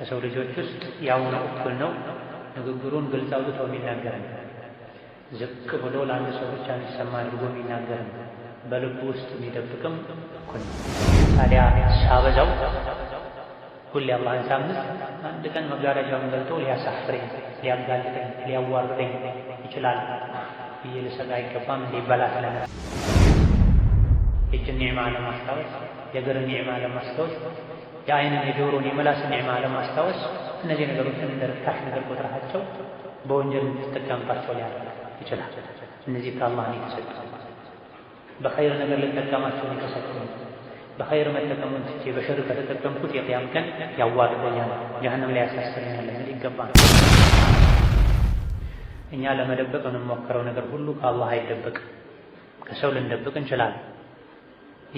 ከሰው ልጆች ውስጥ ያው ነው፣ እኩል ነው። ንግግሩን ግልጽ አውጥቶ የሚናገር ዝቅ ብሎ ለአንድ ሰው ብቻ እንዲሰማ አድርጎ የሚናገር በልቡ ውስጥ የሚደብቅም እኩል ነው። ታዲያ ሳበዛው ሁሌ አላህን ሳምስ አንድ ቀን መጋረጃውን ገልጦ ሊያሳፍረኝ፣ ሊያጋልጠኝ፣ ሊያዋርደኝ ይችላል ብዬ ልሰጋ አይገባም እንደ ይባላል ለነ የእጅን ኒዕማ ለማስታወስ የእግርን ኒዕማ ለማስታወስ የአይንን የጆሮን የመላስ ኒዕማ ለማስታወስ እነዚህ ነገሮችን እንደ ርካሽ ነገር ቆጥረሃቸው በወንጀል እንድትጠቀምባቸው ሊያደርግ ይችላል። እነዚህ ከአላህ ነው የተሰጡ። በኸይር ነገር ልጠቀማቸውን የተሰጡ በኸይር መጠቀሙን ትቼ በሸር ከተጠቀምኩት የቅያም ቀን ያዋርደኛል፣ ጀሀነም ላይ ያሳስረኛል ለሚል ይገባ ነው። እኛ ለመደበቅ የምንሞክረው ነገር ሁሉ ከአላህ አይደበቅም። ከሰው ልንደብቅ እንችላለን፣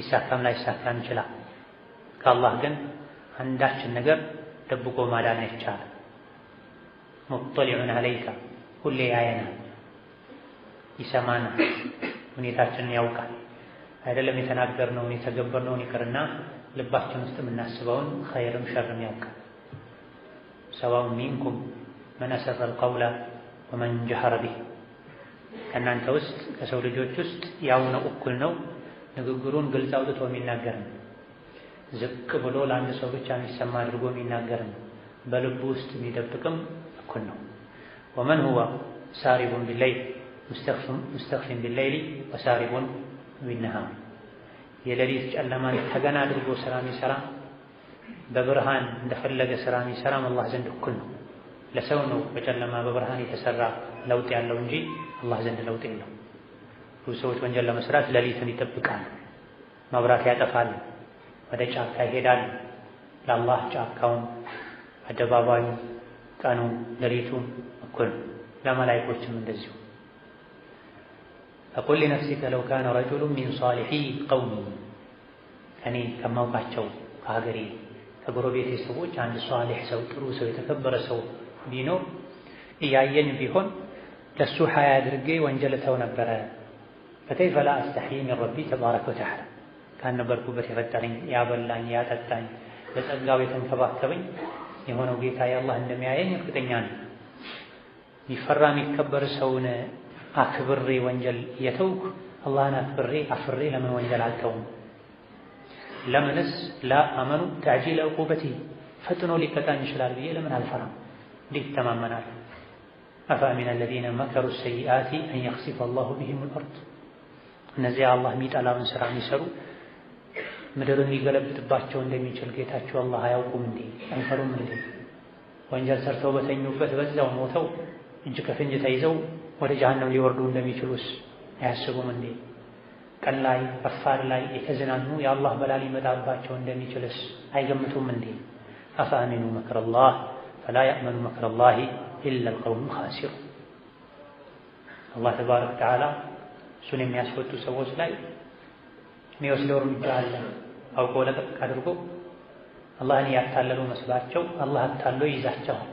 ይሳካም ላይሳካ እንችላል። ከአላህ ግን አንዳችን ነገር ደብቆ ማዳን አይቻልም። ሙጠሊዑን አለይካ ሁሌ ያየናል፣ ይሰማናል፣ ሁኔታችንን ያውቃል። አይደለም የተናገርነውን የተገበርነውን ይቅርና ልባችን ውስጥ የምናስበውን ኸይርም ሸርም ያውቃል። ሰዋውን ሚንኩም መን አሰረ አልቀውላ ወመን ጀሀረ ቢህ ከእናንተ ውስጥ ከሰው ልጆች ውስጥ ያው ነው፣ እኩል ነው። ንግግሩን ግልጽ አውጥቶ የሚናገር ነው ዝቅ ብሎ ለአንድ ሰው ብቻ የሚሰማ አድርጎ የሚናገርም በልቡ ውስጥ የሚደብቅም እኩል ነው። ወመን ሁዋ ሳሪቡን ቢለይል ሙስተክፊን ቢለይሊ ወሳሪቡን ቢነሃ የሌሊት ጨለማን ተገና አድርጎ ስራ የሚሰራ በብርሃን እንደፈለገ ስራ የሚሰራም አላህ ዘንድ እኩል ነው። ለሰው ነው በጨለማ በብርሃን የተሰራ ለውጥ ያለው እንጂ አላህ ዘንድ ለውጥ የለው። ብዙ ሰዎች ወንጀል ለመስራት ሌሊትን ይጠብቃል፣ መብራት ያጠፋል። ወደ ጫካ ይሄዳል። ለአላህ ጫካውን፣ አደባባዩ፣ ቀኑ፣ ሌሊቱ እኩል፣ ለመላይኮችም እንደዚሁ ፈቁል ሊነፍሲከ ለው ካነ ረጁሉን ሚን ሷሊሒ ቀውሚ እኔ ከማውቃቸው ከሀገሬ ከጎረቤቴ ሰዎች አንድ ሷሊሕ ሰው ጥሩ ሰው የተከበረ ሰው ቢኖር እያየኝ ቢሆን ለሱ ሀያ አድርጌ ወንጀል እተው ነበረ። ፈከይፈ ላ አስተሕይ ሚን ረቢ ተባረከ ወተዓላ ካነበርኩበት የፈጠረኝ ያበላኝ ያጠጣኝ በጸጋው የተንከባከበኝ የሆነው ጌታ የአላህ እንደሚያየኝ እርግጠኛ ነው። ይፈራ የሚከበር ሰውን አክብሬ ወንጀል የተውኩ አላህን አክብሬ አፍሬ ለምን ወንጀል አልተውም? ለምንስ ላ አመኑ ተዕጂል ዕቁበቲ ፈጥኖ ሊቀጣኝ ይችላል ብዬ ለምን አልፈራም? እንዴት ይተማመናል? አፈአሚነ አለዚነ መከሩ ሰይአቲ አን የኽሲፈ አላሁ ቢሂም አልአርድ እነዚያ አላህ የሚጠላውን ስራ የሚሰሩ ምድርን ሊገለብጥባቸው እንደሚችል ጌታቸው አላህ አያውቁም እንዴ? አይፈሩም እንዴ? ወንጀል ሰርተው በተኙበት በዛው ሞተው እጅ ከፍንጅ ተይዘው ወደ ጀሀነም ሊወርዱ እንደሚችሉስ አያስቡም እንዴ? ቀን ላይ ረፋድ ላይ የተዝናኑ የአላህ በላ ሊመጣባቸው እንደሚችልስ አይገምቱም እንዴ? አፈአሚኑ ላህ ፈላ ያእመኑ መክረላሂ ኢላ ልቀውም ኻሲሩን አላህ ተባረከ ወተዓላ እሱን የሚያስወጡ ሰዎች ላይ የሚወስደው እርምጃ አለ። አውቆ ለቀቅ አድርጎ አላህን እያታለሉ መስሏቸው አላህ አታሎ ይይዛቸዋል።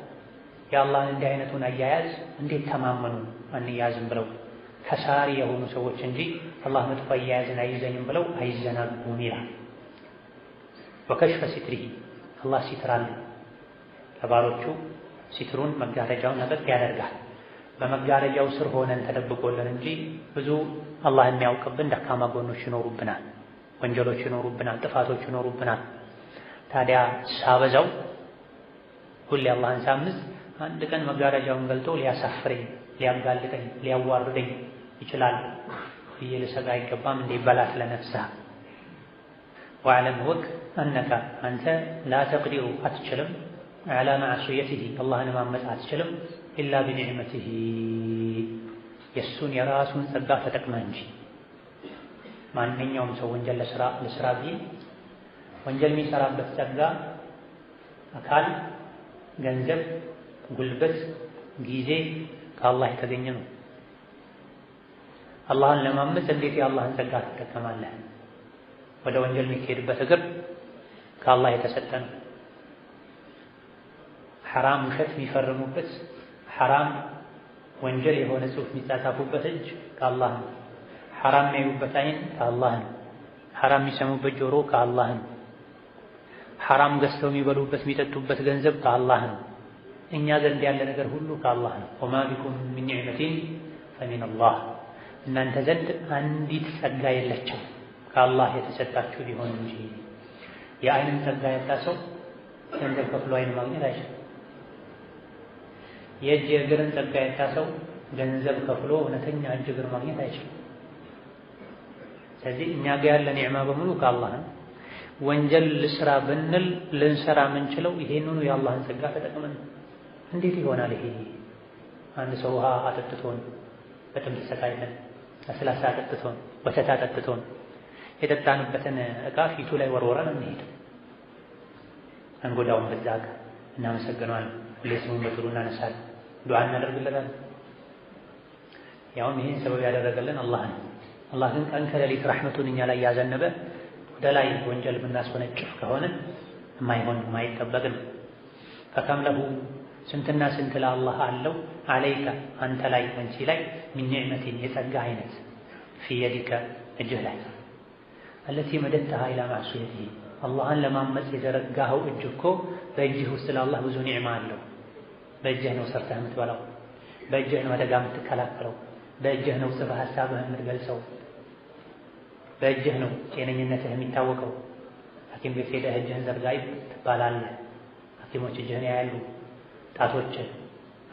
የአላህን እንዲህ አይነቱን አያያዝ እንዴት ተማመኑ አንያዝም ብለው ከሳሪ የሆኑ ሰዎች እንጂ አላህ መጥፎ አያያዝን አይዘኝም ብለው አይዘናጉም ይላል። ወከሽፈ ሲትሪሂ አላህ ሲትራል ለባሮቹ ሲትሩን መጋረጃውን ነበቅ ያደርጋል። በመጋረጃው ስር ሆነን ተደብቆለን እንጂ ብዙ አላህ የሚያውቅብን ደካማ ጎኖች ይኖሩብናል። ወንጀሎች ይኖሩብናል፣ ጥፋቶች ይኖሩብናል። ታዲያ ሳበዛው ሁሌ አላህን ሳምስ አንድ ቀን መጋረጃውን ገልጦ ሊያሳፍረኝ፣ ሊያጋልጠኝ፣ ሊያዋርደኝ ይችላል ብዬ ልሰጋ አይገባም። እንደ ይበላት ለነፍሳ ወአለም ወቅ አነካ አንተ ላ አትችልም ዐላ መዕሱየትህ አላህን ማመፅ አትችልም ኢላ ቢኒዕመትህ የእሱን የራሱን ጸጋ ተጠቅመህ እንጂ ማንኛውም ሰው ወንጀል ለስራ ቢል ወንጀል የሚሰራበት ጸጋ፣ አካል፣ ገንዘብ፣ ጉልበት፣ ጊዜ ከአላህ የተገኘ ነው። አላህን ለማመፅ እንዴት የአላህን ጸጋ ትጠቀማለህ? ወደ ወንጀል የሚካሄድበት እግር ከአላህ የተሰጠ ነው። ሐራም ውሸት የሚፈርሙበት ሐራም ወንጀል የሆነ ጽሑፍ የሚጻጻፉበት እጅ ከአላህ ነው። ሐራም የሚያዩበት አይን ከአላህ ነው። ሐራም የሚሰሙበት ጆሮ ከአላህ ነው። ሐራም ገዝተው የሚበሉበት የሚጠጡበት ገንዘብ ከአላህ ነው። እኛ ዘንድ ያለ ነገር ሁሉ ከአላህ ነው። ወማ ቢኩም ሚን ኒዕመቲን ፈሚነላህ እናንተ ዘንድ አንዲት ጸጋ የለችም ከአላህ የተሰጣችሁ ሊሆን እንጂ። የአይንም ጸጋ ያጣ ሰው ገንዘብ ከፍሎ አይን ማግኘት አይችልም። የእጅ የእግርን ጸጋ ያጣ ሰው ገንዘብ ከፍሎ እውነተኛ እጅ እግር ማግኘት አይችልም። ስለዚህ እኛ ጋር ያለ ኒዕማ በሙሉ ከአላህ ነው። ወንጀል ልስራ ብንል ልንሰራ የምንችለው ይሄንኑ የአላህን ጸጋ ተጠቅመን። እንዴት ይሆናል ይሄ? አንድ ሰው ውሃ አጠጥቶን በጥም ተሰቃይተን፣ ለስላሳ አጠጥቶን፣ ወተት አጠጥቶን የጠጣንበትን እቃ ፊቱ ላይ ወርወረን እንሄድ አንጎዳውን በዛ እቃ እናመሰግነዋለን። ሁሌ ስሙን በጥሩ እናነሳል ዱዓ እናደርግለታል። ያውም ይህን ሰበብ ያደረገልን አላህ ነው። አላህ ግን ቀን ከሌሊት ረሕመቱን እኛ ላይ ያዘነበ ወደ ላይ ወንጀል ብናስወነጭፍ ከሆነ የማይሆን የማይጠበቅ ነው። ፈከም ለሁ ስንትና ስንት ለአላህ አለው አለይከ አንተ ላይ አንቺ ላይ ሚን ኒዕመቲን የጸጋ አይነት ፊየዲከ እጅህ ላይ አለቲ መደድተሃ ኢላ ማዕሱየቲሂ አላህን ለማመፅ የዘረጋኸው እጅ እኮ በእጅህ ውስጥ ለአላህ ብዙ ኒዕማ አለው። በእጅህ ነው ሰርተህ የምትበላው፣ በእጅህ ነው አደጋ የምትከላከለው፣ በእጅህ ነው ጽፈህ ሀሳብህ የምትገልጸው በእጅህ ነው ጤነኝነትህ የሚታወቀው። ሐኪም ቤት ሄደህ እጅህን ዘርጋይ ትባላለህ። ሐኪሞች እጅህን ያያሉ። ጣቶችህ፣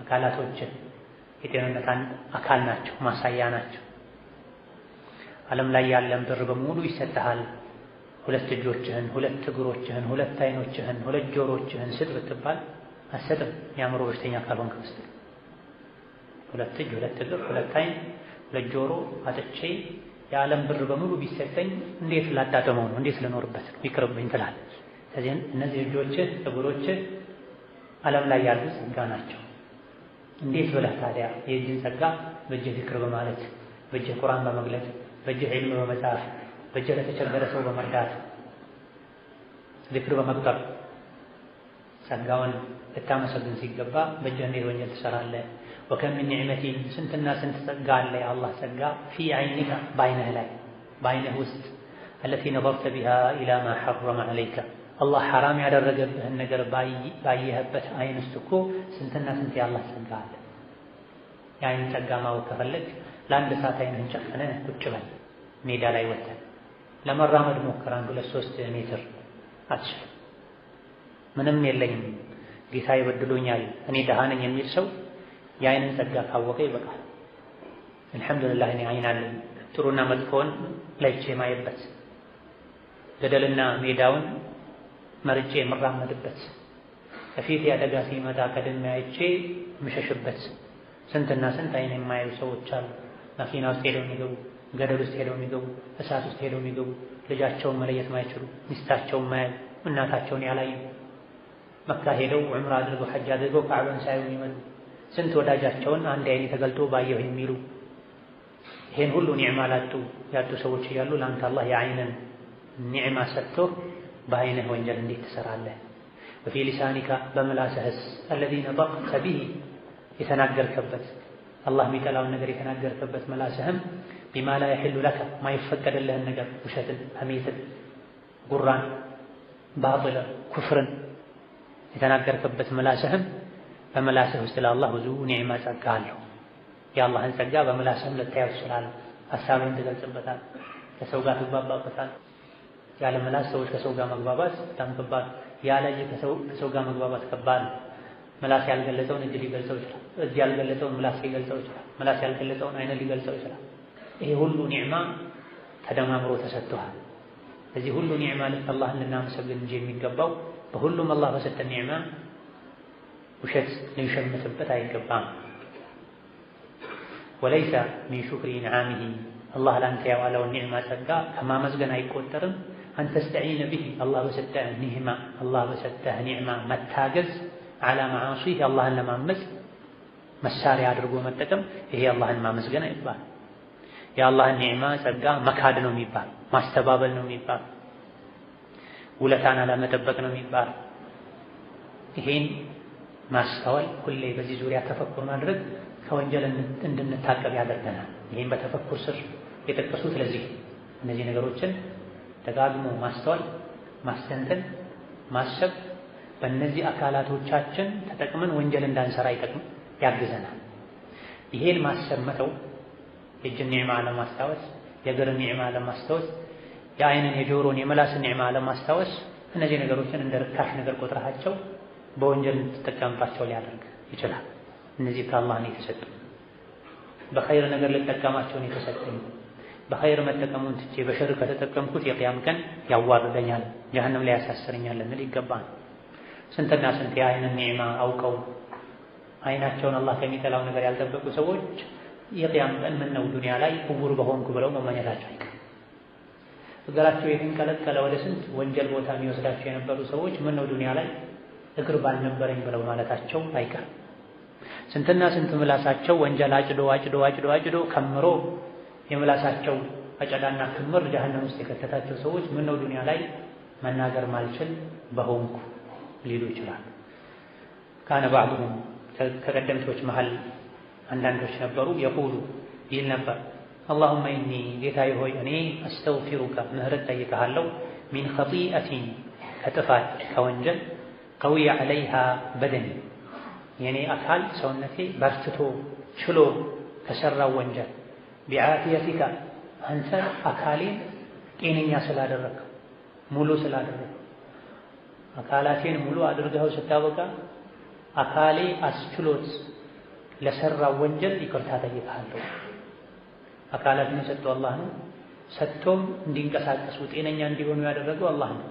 አካላቶችህ የጤንነት አካል ናቸው፣ ማሳያ ናቸው። ዓለም ላይ ያለን ብር በሙሉ ይሰጥሃል። ሁለት እጆችህን፣ ሁለት እግሮችህን፣ ሁለት አይኖችህን፣ ሁለት ጆሮችህን ስጥ ብትባል አሰጥም። የአእምሮ በሽተኛ ካልሆንክ በስተቀር ሁለት እጅ፣ ሁለት እግር፣ ሁለት አይን፣ ሁለት ጆሮ አጥቼ የዓለም ብር በሙሉ ቢሰጠኝ እንዴት ላጣጥመው ነው? እንዴት ልኖርበት ነው? ይቅርብኝ ትላለች። ስለዚህ እነዚህ እጆችህ፣ እግሮችህ ዓለም ላይ ያሉ ጸጋ ናቸው። እንዴት ብለህ ታዲያ የእጅን ጸጋ በእጅህ ዚክር በማለት በእጅህ ቁርአን በመግለጥ በእጅህ ዒልም በመጻፍ በእጅህ ለተቸገረ ሰው በመርዳት ዚክር በመቅጠር ጸጋውን ልታመሰግን ሲገባ በእጅህ እንዴት ወንጀል ትሰራለህ? ወከም ኒዕመቲን ስንትና ስንት ጸጋ አለ የአላህ ጸጋ ፊ ዓይኒካ በዓይንህ ላይ በዓይንህ ውስጥ አለቲ ነظርተ ቢሃ ኢላ ማ ሐረመ ዓለይከ አላህ ሐራም ያደረገብህን ነገር ባየህበት ዓይን ውስጥ እኮ ስንትና ስንት የአላህ ጸጋ አለ። የዓይን ጸጋ ማወቅ ከፈለግ ለአንድ ሰዓት ዓይንህን ጨፍነህ ቁጭ በል ሜዳ ላይ ወተን ለመራመድ ሞክር አንድ ሁለት ሶስት ሜትር አትችልም። ምንም የለኝም ጌታዬ ይበድሎኛል? እኔ ደሃ ነኝ የሚል ሰው የአይንን ጸጋ ካወቀ ይበቃል። አልሐምዱሊላህ እኔ አይን አለኝ ጥሩና መጥፎውን ለይቼ የማየበት ገደልና ሜዳውን መርጬ የምራመድበት ከፊት ያደጋ ሲመጣ ቀድሜ አይቼ የምሸሽበት ስንትና ስንት አይን የማያዩ ሰዎች አሉ። መኪና ውስጥ ሄደው የሚገቡ፣ ገደል ውስጥ ሄደው የሚገቡ፣ እሳት ውስጥ ሄደው የሚገቡ፣ ልጃቸውን መለየት ማይችሉ፣ ሚስታቸውን ማያዩ፣ እናታቸውን ያላዩ፣ መካ ሄደው ዑምራ አድርገው ሐጅ አድርገው ካዕባን ሳይሆን ይመጡ ስንት ወዳጃቸውን አንድ አይኔ ተገልጦ ባየሁ የሚሉ ይሄን ሁሉ ኒዕማ ላጡ ያጡ ሰዎች እያሉ ለአንተ አላህ የአይንን ኒዕማ ሰጥቶ በአይንህ ወንጀል እንዴት ትሰራለህ? ወፊ ሊሳኒካ በምላስህስ አለዚ ነጠቅተ ቢሂ የተናገርከበት አላህ የሚጠላውን ነገር የተናገርከበት መላስህም ቢማ ላ የሕሉ ለከ ማይፈቀደልህን ነገር ውሸትን፣ ሐሜትን፣ ጉራን፣ ባጥልን፣ ኩፍርን የተናገርከበት መላስህም በመላስህ ውስጥ ለአላህ ብዙ ኒዕማ ጸጋ አለው። የአላህን ጸጋ በመላስህም ልታየው ትችላለህ። ሀሳብህን ትገልጽበታለህ። ከሰው ጋር ትግባባበታል። ያለ መላስ ሰዎች ከሰው ጋር መግባባት በጣም ከባድ፣ ያለ እጅ ከሰው ጋር መግባባት ከባድ ነው። መላስ ያልገለጸውን እጅ ሊገልጸው ይችላል። እጅ ያልገለጸውን መላስ ሊገልጸው ይችላል። መላስ ያልገለጸውን አይን ሊገልጸው ይችላል። ይሄ ሁሉ ኒዕማ ተደማምሮ ተሰጥቷል። እዚህ ሁሉ ኒዕማ አላህን ልናመሰግን እንጂ የሚገባው በሁሉም አላህ በሰጠን ኒዕማ ውሸት ልንሸምትበት አይገባም። ወለይሰ ሚን ሹክሪ ንዓሚሂ አላህ ለአንተ ያዋለውን ኒዕማ ጸጋ ከማመስገን አይቆጠርም። አንተስተዒነ ብሂ አላህ በሰጠህ ኒዕማ አላህ በሰጠህ ኒዕማ መታገዝ ዓላ መዓሲህ አላህን ለማመፅ መሳሪያ አድርጎ መጠቀም ይሄ አላህን ማመስገን አይባል። የአላህን ኒዕማ ጸጋ መካድ ነው የሚባል፣ ማስተባበል ነው የሚባል፣ ውለታን አለመጠበቅ ነው የሚባል ይሄን ማስተዋል ሁሌ በዚህ ዙሪያ ተፈኩር ማድረግ ከወንጀል እንድንታቀብ ያደርገናል። ይህም በተፈኩር ስር የጠቀሱት ለዚህ እነዚህ ነገሮችን ደጋግሞ ማስተዋል፣ ማስተንተን፣ ማሰብ በእነዚህ አካላቶቻችን ተጠቅመን ወንጀል እንዳንሰራ ይጠቅም ያግዘናል። ይሄን ማሰብ መተው የእጅን ኒዕማ ለማስታወስ የእግርን ኒዕማ ለማስታወስ የአይንን የጆሮን የመላስን ኒዕማ ለማስታወስ እነዚህ ነገሮችን እንደ ርካሽ ነገር ቆጥረሃቸው በወንጀል ልትጠቀምባቸው ሊያደርግ ይችላል። እነዚህ ከአላህ ነው የተሰጠኝ። በኸይር ነገር ልጠቀማቸው ነው የተሰጠኝ። በኸይር መጠቀሙን ትቼ በሸር ከተጠቀምኩት የቅያም ቀን ያዋርደኛል፣ ጀሀነም ላይ ያሳስረኛል ልንል ይገባል። ስንትና ስንት የአይንን ኒዕማ አውቀው አይናቸውን አላህ ከሚጠላው ነገር ያልጠበቁ ሰዎች የቅያም ቀን ምን ነው ዱንያ ላይ እውር በሆንኩ ብለው መመኘታቸው አይቀርም። እግራቸው የተንቀለቀለ ወደ ስንት ወንጀል ቦታ የሚወስዳቸው የነበሩ ሰዎች ምን ነው ዱንያ ላይ እግር ባልነበረኝ ብለው ማለታቸው አይቀር። ስንትና ስንት ምላሳቸው ወንጀል አጭዶ አጭዶ አጭዶ አጭዶ ከምሮ የምላሳቸው አጨዳና ክምር ጀሀነም ውስጥ የከተታቸው ሰዎች ምነው ዱንያ ላይ መናገር ማልችል በሆንኩ ሊሉ ይችላሉ። ካነ ባዕዱሁም ከቀደምቶች መሃል አንዳንዶች ነበሩ የቁሉ ይል ነበር አላሁመ ኢኒ ጌታዬ ሆይ እኔ አስተውፊሩካ ምህረት ጠይቀሃለሁ ሚን ኸጢአቲን ከጥፋት ከወንጀል ከውያ ዐለይሃ በደኒ የኔ አካል ሰውነቴ በርትቶ ችሎ ከሠራው ወንጀል ቢዓፊየቲካ አንተ አካሌን ጤነኛ ስላደረግከው ሙሉ ስላደረግከው አካላቴን ሙሉ አድርገኸው ስታበቃ አካሌ አስችሎት ለሠራው ወንጀል ይቅርታ ጠይቅሃለሁ። አካላትን የሰጠው አላህ ነው። ሰጥቶም እንዲንቀሳቀሱ ጤነኛ እንዲሆኑ ያደረገው አላህ ነው።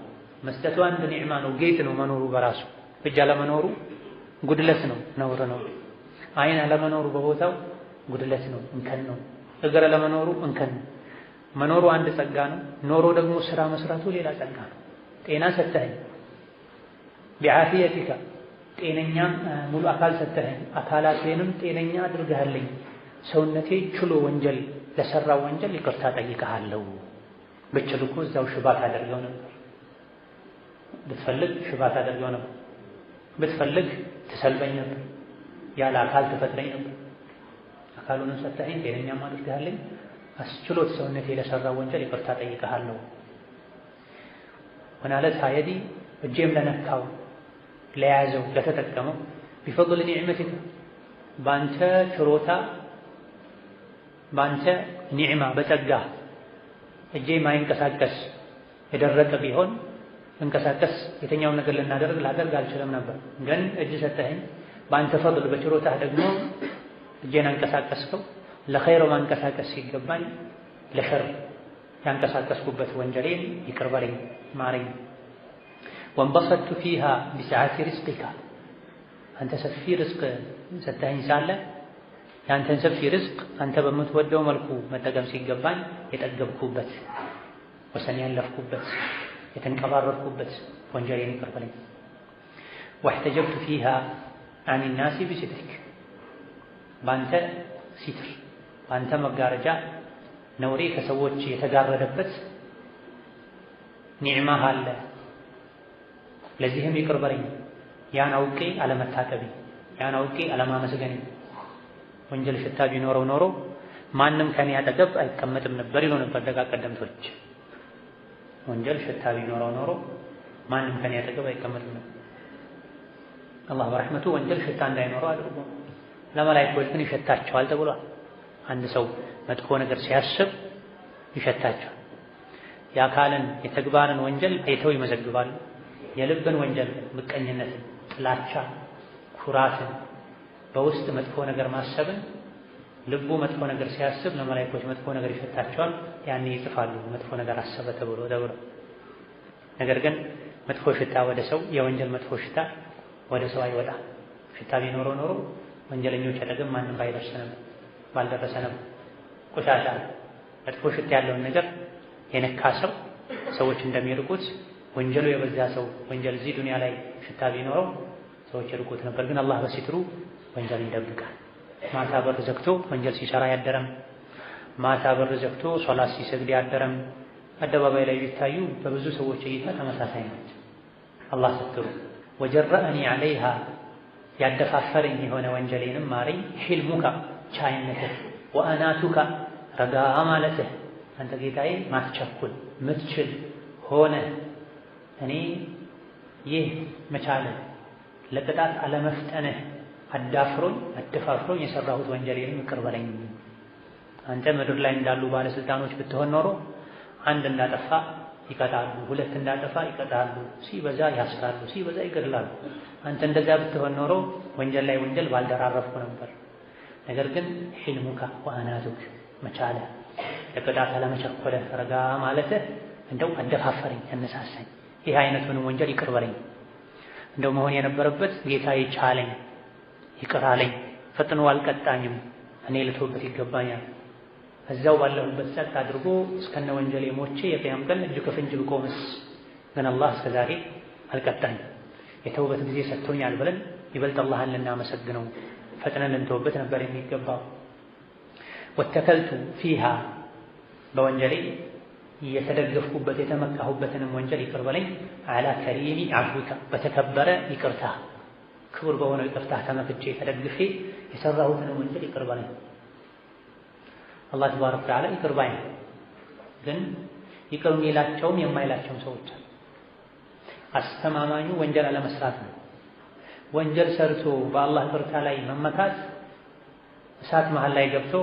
መስጠቱ አንድ ኒዕማ ነው፣ ጌጥ ነው። መኖሩ በራሱ እጅ አለመኖሩ ጉድለት ነው፣ ነውር ነው። አይን አለመኖሩ በቦታው ጉድለት ነው፣ እንከን ነው። እግር አለመኖሩ እንከን ነው። መኖሩ አንድ ጸጋ ነው። ኖሮ ደግሞ ስራ መስራቱ ሌላ ጸጋ ነው። ጤና ሰተኸኝ ቢዓፊየቲካ ጤነኛ ሙሉ አካል ሰተኸኝ፣ አካላቴንም ጤነኛ አድርገሃለኝ። ሰውነቴ ችሎ ወንጀል ለሰራው ወንጀል ይቅርታ ጠይቀሃለሁ። ብችል እኮ እዛው ሽባ ታደርገው ነበር። ብትፈልግ ሽባ ታደርገው ነበር፣ ብትፈልግ ትሰልበኝ ነበር፣ ያለ አካል ትፈጥረኝ ነበር። አካሉንም ሰጠኸኝ፣ ጤነኛም አድርገሃለኝ። አስችሎት ሰውነቴ ለሠራው ወንጀል ይቅርታ ጠይቀሃለሁ። ምናለት ሀየዲ እጄም ለነካው ለያዘው ለተጠቀመው ቢፈضል ኒዕመቲከ በአንተ ችሮታ በአንተ ኒዕማ በጸጋ እጄ ማይንቀሳቀስ የደረቀ ቢሆን እንቀሳቀስ የትኛውን ነገር ልናደርግ ላደርግ አልችልም ነበር። ግን እጅ ሰጠኸኝ፣ በአንተ ፈድል በችሮታህ ደግሞ እጄን አንቀሳቀስከው። ለኸይር ማንቀሳቀስ ሲገባኝ ለሸር ያንቀሳቀስኩበት ወንጀሌን ይቅር በለኝ ማረኝ። ወንበሰቱ ፊሃ ቢሰዓቲ ሪዝቂካ አንተ ሰፊ ርዝቅ ሰጠኸኝ ሳለ የአንተን ሰፊ ርዝቅ አንተ በምትወደው መልኩ መጠቀም ሲገባኝ የጠገብኩበት ወሰን ያለፍኩበት የተንቀባረርኩበት ወንጀሌን ይቅር በለኝ። ወሕተጀብቱ ፊሃ አን ናሲ ቢሲትሪክ በአንተ ሲትር በአንተ መጋረጃ ነውሬ ከሰዎች የተጋረደበት ኒዕማህ አለ። ለዚህም ይቅር በለኝ ያን አውቄ አለመታቀቤ፣ ያን አውቄ አለማመስገኔ። ወንጀል ሽታ ቢኖረው ኖሮ ማንም ከኔ አጠገብ አይቀመጥም ነበር ይሉ ነበር ደጋ ቀደምቶች። ወንጀል ሽታ ቢኖረው ኖሮ ማንም ከኔ አጠገብ አይቀመጥም። አላህ በረሕመቱ ወንጀል ሽታ እንዳይኖረው አድርጎ ለመላእክቶች ግን ይሸታቸዋል ተብሏል። አንድ ሰው መጥፎ ነገር ሲያስብ ይሸታቸዋል። የአካልን የተግባርን ወንጀል አይተው ይመዘግባሉ። የልብን ወንጀል ምቀኝነትን፣ ጥላቻ፣ ኩራትን፣ በውስጥ መጥፎ ነገር ማሰብን ልቡ መጥፎ ነገር ሲያስብ ለመላእክቶች መጥፎ ነገር ይሸታቸዋል። ያኔ ይጥፋሉ መጥፎ ነገር አሰበ ተብሎ ተብሎ ነገር ግን መጥፎ ሽታ ወደ ሰው የወንጀል መጥፎ ሽታ ወደ ሰው አይወጣም። ሽታ ቢኖረው ኖሮ ወንጀለኞች አጠገብ ማንም ባይደርስ ባልደረሰንም ቆሻሻ መጥፎ ሽታ ያለውን ነገር የነካ ሰው ሰዎች እንደሚርቁት ወንጀሉ የበዛ ሰው ወንጀል እዚህ ዱንያ ላይ ሽታ ቢኖረው ሰዎች ይርቁት ነበር። ግን አላህ በሲትሩ ወንጀል ይደብቃል። ማታ በር ዘግቶ ወንጀል ሲሰራ ያደረም ማታ በር ዘግቶ ሶላት ሲሰግድ ያደረም አደባባይ ላይ ቢታዩ በብዙ ሰዎች እይታ ተመሳሳይ ናቸው። አላህ ስትሩ ወጀረአኒ ዐለይሃ ያደፋፈረኝ የሆነ ወንጀሌንም ማረኝ። ሒልሙካ ቻይነትህ፣ ወአናቱካ ረጋ ማለትህ አንተ ጌታዬ ማትቸኩል ምትችል ሆነ እኔ ይህ መቻልህ ለቅጣት አለመፍጠንህ አዳፍሮኝ አደፋፍሮኝ የሰራሁት ወንጀሌንም ይቅር በለኝ። አንተ ምድር ላይ እንዳሉ ባለስልጣኖች ብትሆን ኖሮ አንድ እንዳጠፋ ይቀጣሉ፣ ሁለት እንዳጠፋ ይቀጣሉ፣ ሲበዛ ያስራሉ፣ ሲበዛ ይገድላሉ። አንተ እንደዛ ብትሆን ኖሮ ወንጀል ላይ ወንጀል ባልደራረፍኩ ነበር። ነገር ግን ሒልሙካ ወአናቱክ መቻለ ለቅጣት አለመቸኮለ ረጋ ማለትህ እንደው አደፋፈረኝ፣ አነሳሳኝ። ይህ አይነቱንም ወንጀል ይቅር እንደው መሆን የነበረበት ጌታ ይቻለኝ፣ ይቅር አለኝ፣ ፈጥኖ አልቀጣኝም፣ እኔ ልቶበት ይገባኛል እዛው ባለሁበት ጸጥ አድርጎ እስከነ ወንጀሌ ሞቼ የቅያም ቀን እጅ ከፍንጅ ብቆምስ ግን አላህ እስከ ዛሬ አልቀጣኝ የተውበት ጊዜ ሰጥቶኛል ብለን ይበልጥ አላህን ልናመሰግነው ፈጥነን ልንተውበት ነበር የሚገባው። ወተከልቱ ፊሃ በወንጀሌ የተደገፍኩበት የተመካሁበትንም ወንጀል ይቅር በለኝ። አላ ከሪሚ አፍዊካ በተከበረ ይቅርታ ክቡር በሆነው ይቅርታ ተመክቼ ተደግፌ የሰራሁትንም ወንጀል ይቅር በለኝ። አላህ ተባረከ ወተዓላ ይቅር ባይ ነው። ግን ይቅር የሚላቸውም የማይላቸውም ሰዎች አሉ። አስተማማኙ ወንጀል አለመስራት ነው። ወንጀል ሰርቶ በአላህ ቅርታ ላይ መመካት እሳት መሃል ላይ ገብቶ